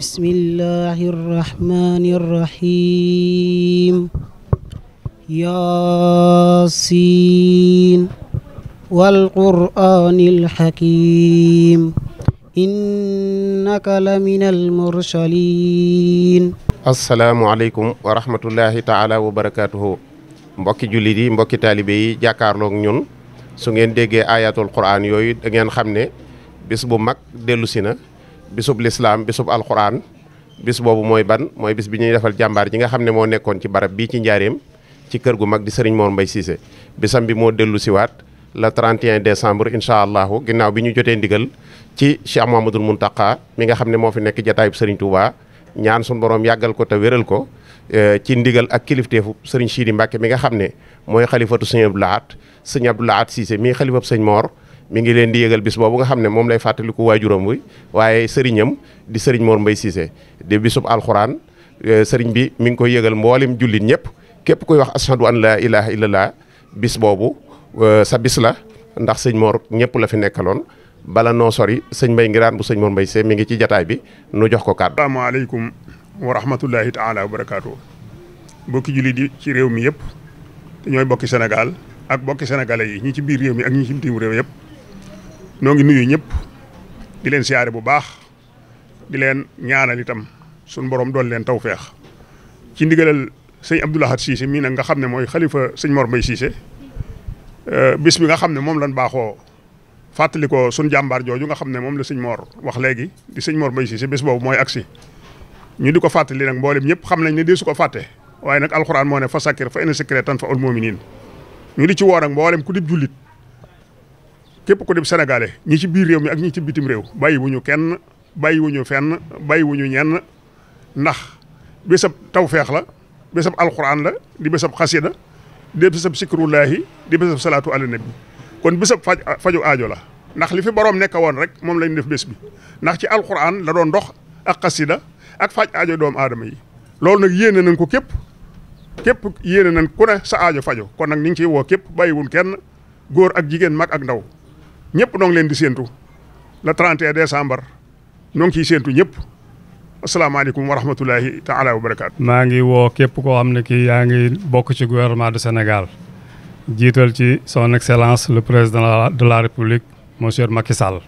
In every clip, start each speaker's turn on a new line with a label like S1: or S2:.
S1: بسم الله الرحمن الرحيم ياسين والقرآن الحكيم إنك لمن المرسلين السلام
S2: عليكم ورحمة الله تعالى وبركاته mbokki jullit yi mbokki taalibe yi jàkkaarloog ñun su ngeen déggee ayatul quraan yooyu da ngeen xam ne bis bu mag dellu si na bisub lislaam bisub alxuraan bis boobu mooy ban mooy bis bi ñuy defal jàmbaar ji nga xam ne moo nekkoon ci barab bii ci njaareem ci kër gu mag di sëriñ Mor Mbaye Cissé bisam bi moo dellu siwaat le 31 décembre incha allahu ginnaaw bi ñu jotee ndigal ci Cheikh Mouhamadoul Mountakha mi nga xam ne moo fi nekk jataayub sëriñ Touba ñaan suñu boroom yàggal ko te wéral ko eh, ci ndigal ak kilifteefu sëriñ Sidi Mbacke mi nga xam ne mooy xalifatu sëñ Abdou Lahad sëñ Abdou Lahad mii xalifab sëñ Mor mi ngi leen di yëgal bis boobu nga xam ne moom lay fàttaliku waajuram wi waaye sëriñam di sëriñ Mor mbay Cissé di bisub alxuraan euh, sëriñ bi mi ngi koy yëgal mboolem jullit ñëpp képp kuy wax ashadu an laa ilaha illallah bis boobu euh, sa bis la ndax sëñ Mor ñëpp la fi nekkaloon bala noo sori sëñ Mbaye Ngiraan bu sëñ Mor mbay se mi ngi ci jataay bi nu jox ko kàddu. asalaamaaleykum
S3: wa rahmatullahi taala wa barakaatu. bokki jullit yi ci réew mi yëpp te ñooy bokki Sénégal ak bokki sénégalais yi ñi ci biir réew mi ak ñi ci bitim yëpp. noo ngi nuyu ñëpp di leen siyaare bu baax di leen ñaanal itam suñu borom doon leen taw feex ci ndigalal sëñ Abdou Lahad Cissé mii nag nga xam ne mooy xalifa sëñ Mor Mbaye Cissé euh, bis bi nga xam ne moom lañ baaxoo fàttali ko suñ jàmbaar jooju nga xam ne moom la sëñ Mor wax léegi di sëñ Mor Mbaye Cissé boobu mooy agsi ñu di ko fàttali nag mboolem ñëpp xam nañ ne dee su ko fàtte waaye nag alxuraan moo ne fa sakir fa ina secret tan fa ul muminin ñu di ci woo nag mboolem ku dib jullit képp ku dem sénégalais ñi ci biir réew ak ñi ci bitim réew bàyyi wu kenn bàyyi fenn bàyyi ñenn ndax bésab tawfeex la bésab alxuraan la di bésab xasida di bésab sikrullaahi di bésab salaatu ala nabi kon bésab faj faju aajo la ndax li fi borom nekk woon rek moom lañ def bés bi ndax ci alxuraan la doon ndox ak xasida ak faj aajo doomu aadama yi loolu nag yéene nañ ko képp képp yéene nañ ku sa aajo fajo kon nag ñu ngi ciy woo képp bàyyiwun kenn góor ak jigéen mag ak ndaw ñëpp noo ngi leen di séentu le 31 décembre noo ngi ciy séentu ñëpp asalaamaaleykum wa rahmatulahi taala wa barakaatu.
S4: maa ngi woo képp koo xam ne kii yaa ngi bokk ci gouvernement du senegal jiital ci son excellence le président de la république monsieur Macky Sall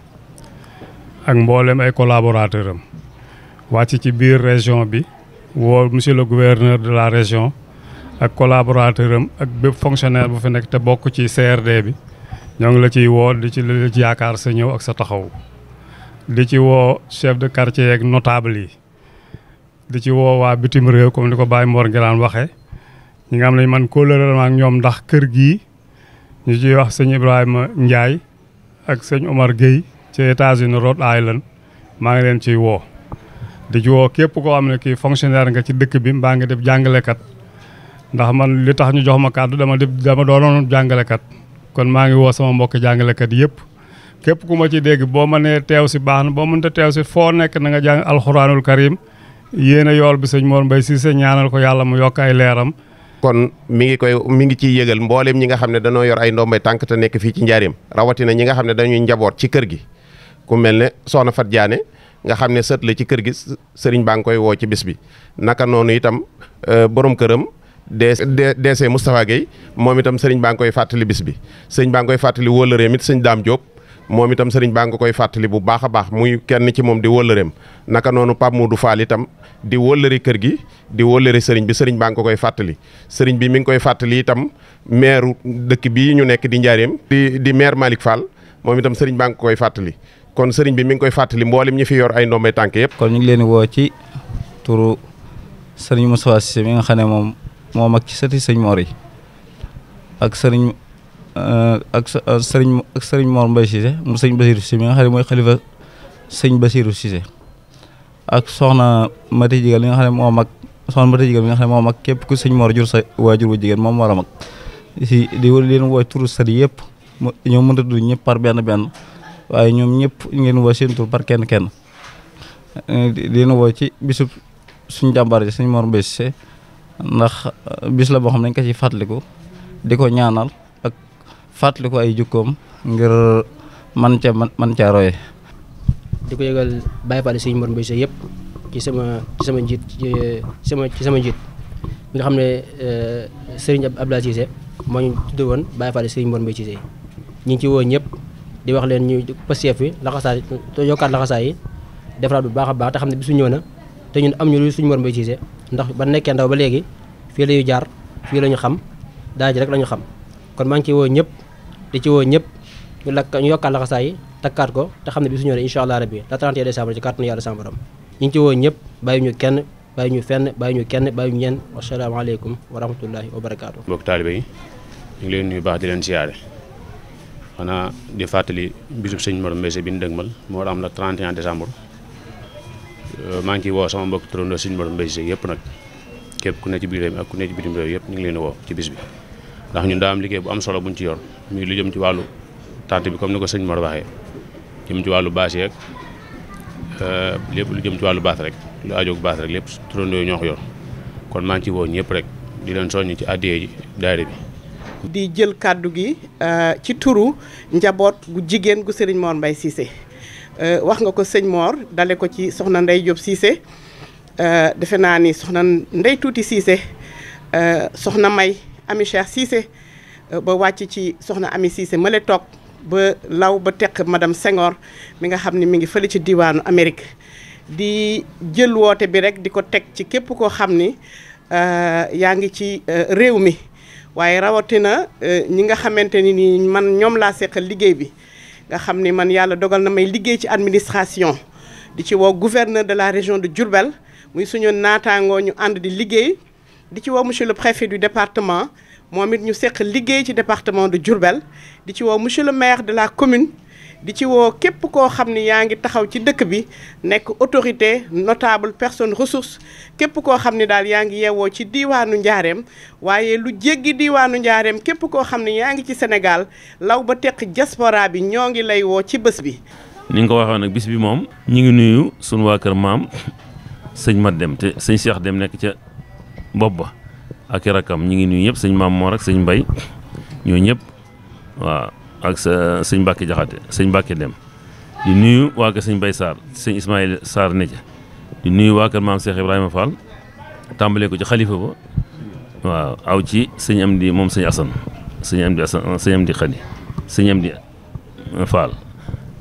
S4: ak mboolem ay collaborateurs am wàcc ci biir région bi woo monsieur le gouverneur de la région ak collaborateur am ak bépp fonctionnaire bu fi nekk te bokk ci CRD bi. ñoo ngi la ciy woo di ci la ci yaakaar sa ñëw ak sa taxaw di ci woo chef de quartier ak notable yi di ci woo waa bitim réew comme ni ko Baye Mor Ngiraan waxee ñi nga xam ne man kóolóoral ak ñoom ndax kër gii ñu ciy wax sëñ Ibrahima Ndiaye ak sëñ Omar Gueye ci États-Unis Island maa ngi leen ciy woo. di ci woo képp koo xam ne kii fonctionnaire nga ci dëkk bi mbaa nga def jàngalekat ndax man li tax ñu jox ma kàddu dama def dama doonoon jàngalekat. kon maa ngi woo sama mbokk jàngalekat yëpp képp ku ma ci dégg boo mënee teew si baax na boo mënta teew si foo nekk na nga jàng alxuraanul karim yéen a yool bi sëñ Mor Mbaye Cissé ñaanal ko yàlla mu yokk ay leeram. kon mi ngi koy mi ngi ciy yëgal mbooleem ñi nga xam ne dañoo
S2: yor ay ndombay tànk te nekk fii ci njaareem rawatina ñi nga xam ne dañuy njaboot ci kër gi ku mel ne Soxna Fat Diané nga xam ne sët ci kër gi sëriñ baa ngi koy woo ci bis bi naka noonu itam euh, borom këram. DC Moustapha Guèye moom itam sëriñ baa ngi koy fàttali bis bi sëriñ baa ngi koy fàttali wóllëreem sëñ Daam Diop moom itam sëriñ baa ngi koy fàttali bu baax a baax muy kenn ci moom di wóllëreem naka noonu du faal Fall tam di wóllëri kër gi di wóllëri sëriñ bi sëriñ baa ngi ko koy fàttali sëriñ bi mi ngi koy fàttali itam maire dëkk bii ñu nekk di Njaareem di di maire Malick Fall moom itam sëriñ baa ngi koy fàttali kon sëriñ bi mi ngi koy
S4: fàttali mboolem ñi fi yor ay ndombay tànk yëpp kon ñu ngi leen woo ci turu sëriñ Moustapha Cissé mi nga xam ne moom moo mag ci sëti sëñ Mor ak sëriñ eh, ak sëriñ ak sëriñ Mor Mbaye Cissé mu sëñ Basirou Cissé mi nga xam ne mooy xalifa sëñ Basirou Cissé ak soxna Mati Jigal mi nga xam ne moo mag soxna Mati Jigal mi nga xam ne moo mag képp ku sëñ Mor jur sa waajur wu jigéen moom war a mag si di leen wooy turu sët yëpp ñoo mënta du ñëpp par benn benn waaye ñoom ñëpp ngeen woo seen tur par kenn kenn eh, di leen woo ci bisub suñ jàmbaar ji sëñ Mor Mbaye Cissé ndax euh, bis la boo xam ne dañ ko ci fàttaliku di ko ñaanal ak fàttaliku ay jukkoom ngir man ca man caa roye.
S3: di ko yëgal Baye Fall Serigne Mor Mbaye Seye yëpp ci sama ci sama njiit ci sama ci sama njiit bi nga xam ne euh, Serigne Abdoulaye Cissé moo ñu tuddee woon Baye Fall Serigne Mor Mbaye ñu ngi ci woo ñëpp di wax leen ñu pësteef bi laxasaay yokkaat laxasaay yi defaraat bu baax a baax te xam ne bisu ñëw na. te ñun am ñu lu suñu Mor Mbaye Cissé ndax ba nekkee ndaw ba léegi fii la ñu jaar fii la ñu xam daal ji rek la ñu xam kon maa ngi ciy woo ñëpp di ci woo ñëpp ñu lakk ñu yokkaat laxasaay yi takkaat ko te xam ne bi suñu ne incha allah rabbi la 31 décembre ci kàttanu yàlla sama borom ñu ngi ci woo ñëpp bàyyi ñu kenn bàyyi ñu fenn bàyyi ñu kenn bàyyi ñu ñenn wasalaamaaleykum wa rahmatullahi wa barakaatu.
S5: mbokk taalibe yi ñu ngi leen nuyu baax di leen siyaare xanaa di fàttali bisub sëñ Mor Mbaye Cissé bi ñu dëgmal moo am la 31 décembre Euh, maa ngi ciy woo sama mbokk turandoo Sëñ Mor Mbaye Cissé yëpp nag képp ku ne ci biir réew mi ak ku ne ci bitim réew yëpp ñu ngi leen woo ci bis bi ndax ñun daa am liggéey bu am solo buñ ci yor muy lu jëm ci wàllu tànt bi comme ni ko sëñ Mor waxee jëm ci wàllu baas yeeg euh, lépp lu jëm ci wàllu baas rek lu ajoog baas rek lépp turandoo yi ñoo ko yor kon maa ngi ciy woo ñëpp rek di leen soññ ci addiyee ji daayira
S1: bi di jël kàddu gi euh, ci turu njaboot gu jigéen gu Serigne Mor mbay Cissé Euh, wax nga ko sëñ Mor dale ko ci soxna Ndey Diop Cissé euh, defe naa ni soxna Ndey Tuuti Cissé euh, soxna May Ami Cheikh Cissé ba wàcc ci soxna Ami Cissé mële toog ba law ba teq madam Senghor mi nga xam ni mi ngi fële ci diwaanu Amérique di jël woote bi rek di ko teg ci képp koo xam ni yaa ngi ci réew mi waaye rawatina ñi nga xamante ni man ñoom laa seqal liggéey bi nga xam ni man yàlla dogal na may liggéey ci administration di ci woo gouverneur de la région de Diourbel muy suñu naataangoo ñu ànd di liggéey di ci woo monsieur le préfet du département moom it ñu seq liggéey ci département de Diourbel di ci woo monsieur le maire de la commune di ci woo képp koo xam ni yaa ngi taxaw ci dëkk bi nekk autorité notable personne ressource képp koo xam ni daal yaa ngi yewoo ci diiwaanu njaareem waaye lu jéggi diiwaanu njaareem képp koo xam ni yaa ngi ci senegal law ba teq jasporaa bi ñoo ngi lay woo ci bés bi.
S5: ni nga ko waxee nag bis bi moom. ñu ngi nuyu sunu waa kër maam sëñ ma Dem te sëñ Cheikh Dem nekk ca mbopp ba ak rakkam ñu ngi nuyu ñëpp sëñ maam Mor ak sëñ Mbay ñoo ñëpp waaw. ak sa sëñ Mbacke Jaxate sëñ Mbacke Dem di nuyu waa kër sëñ Bay Sarr sëñ Ismaïl Sarr ne ca tàmbalee ko ci xalifa ba waaw aw ci sëñ am di moom sëñ Assane sëñ am di Assane sëñ am di Xadi sëñ am di Fall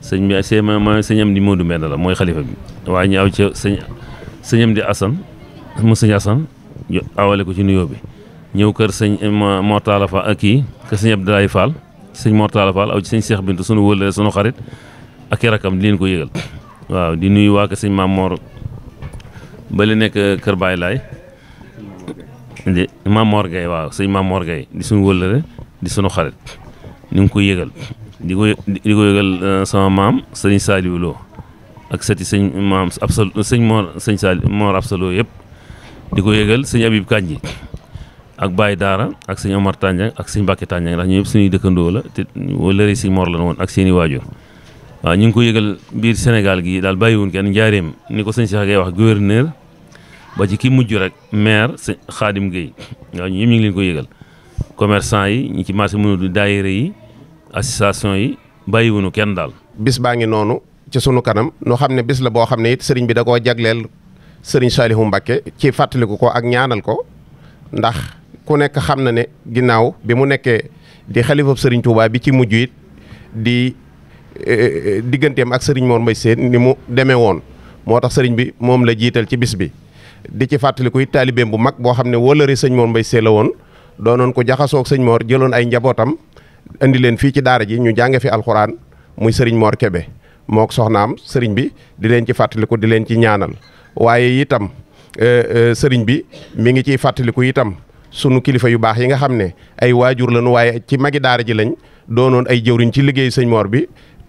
S5: sëñ bi la mooy xalifa bi waaye ñu aw ci sëñ sëñ am di Assane mu sëñ Assane awale ko ci nuyoo bi ñëw kër sëñ Mortala Fall ak kii kër sëñ Abdoulaye Fall sëñ Mortala Fall aw ci sëñ seex Bintu sunu wëllëre sunu xarit ak i rakkam di leen ko yëgal waaw di nuyu waa ko sëñ Maam Mor ba li nekk Kër Baay Laay di Maam Mor Gaye waaw sëñ Maam Mor Gaye di sunu wëllëre di sunu xarit ñu ngi koy yëgal di ko di ko yëgal euh, sama sëñ Saliou ak sëti sëñ maam Absa sëñ Mor sëñ Saliou Mor di ko yëgal sëñ Habib Kandji ak Baye Daara ak sëñ Omar Tandiang ak sëñ Mbacke Tandiang ndax ñu yëpp suñuy dëkkandoo la te lëri si mor la woon ak seen i waajur waaw ñu ngi ko yëgal biir Sénégal gi daal bàyyiwun kenn njaareem ni ko sëñ Cheikh Gueye wax gouverneur ba ci ki mujj rek maire sëñ Khadim Gueye waaw ñu yëpp ñu ngi leen ko yëgal commerçant yi ñi ci marché mënu du daayira yi association yi bàyyiwunu kenn daal
S2: bis baa ngi noonu ci sunu kanam noo xam ne bis la boo xam ne it sëriñ bi da koo jagleel sëriñ Saliou Mbacké ci fàttaliku ko ak ko ku nekk xam na ne ginnaaw bi mu nekkee di xalifab sëriñ Touba bi ci mujj it di eh, eh, digganteem ak sëriñ Mor Mbaye Sène ni mu demee woon moo tax sëriñ bi moom la jiital ci bis bi di ci fàttaliku it taalibeem bu mag boo xam ne wóolari sëñ Mor Mbaye Sène woon doonoon ko jaxasoo sëñ Mor jëloon ay njabootam indi leen fii ci daara ji ñu jànge fi alxuraan muy sëriñ Mor Kébé mook am sëriñ bi di leen ci fàttaliku di leen ci ñaanal waaye itam eh, sëriñ bi mi ngi ciy fàttaliku itam sunu kilifa yu baax yi nga xam ne ay waajur lañu waaye ci magi daara ji lañ doonoon ay jëwriñ ci liggéey sëñ Mor bi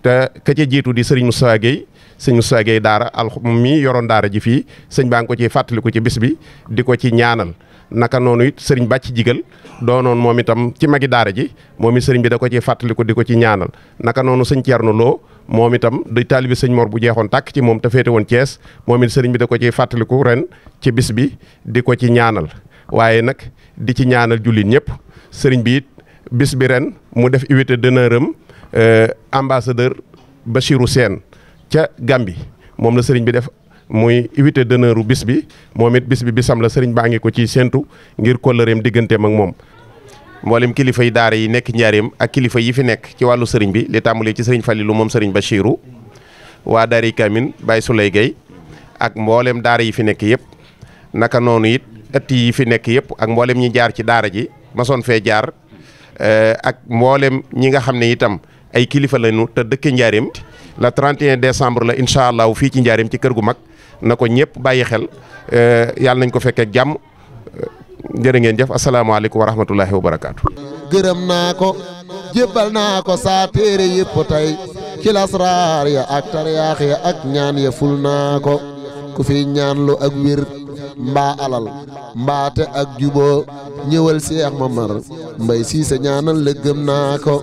S2: te ka jiitu di sëriñ Moustapha Guèye sëñ Moustapha Guèye daara al mii yoroon daara ji fii sëñ baa ngi ko ci fàttaliku ci bis bi di ko ci ñaanal naka noonu it sëriñ bàcc jigal doonoon moom itam ci magi daara ji moom it sëriñ bi da ko ci fàttaliku di ko ci ñaanal naka noonu sëñ na loo moom itam di taalibi sëñ moor bu jeexoon tàkk ci moom te woon Thiès moom it sëriñ bi da ko ci fàttaliku ren ci bis bi di ko ci ñaanal waaye nag di ci ñaanal jullit ñëpp sëriñ bi it bis bi ren mu def invité d'honneur am euh, ambassadeur Bachirou seen ca Gambie moom la sëriñ bi def muy invité d'honneur u bis bi moom it bis bi bisam la sëriñ baa ngi ko ciy séentu ngir kóllëreem digganteem ak moom. mboolem kilifa yi daara yi nekk njaareem ak kilifa yi fi nekk ci wàllu sëriñ bi li tàmbalee ci sëriñ Falilou moom sëriñ Bachirou waa daari Kamin Baye Souley Gueye ak mboolem daara yi fi nekk yëpp naka noonu it. ëtt yi fi nekk yëpp ak mboolem ñi jaar ci daara ji mason fee jaar eh, ak mboolem ñi nga xam ne itam ay kilifa lañu te dëkke njaareem le 31 décembre la incha allah fii ci njaarim ci kër gu mag na ko ñëpp bàyyi xel eh, yàlla nañ ko fekkee jàmm eh, jërë ngeen jëf asalaamaaleykum wa rahmatullahi wa barakaatu. gërëm naa ko jébbal naa ko saa téere yëpp tey ci lasraar ya ak tariyaax ya ak ñaan ya ful naa ko ku fi ñaan ak wér. mbaa alal mbaate ak juboo ñëwal Seex Mamar Mbay Siise ñaanal la naa ko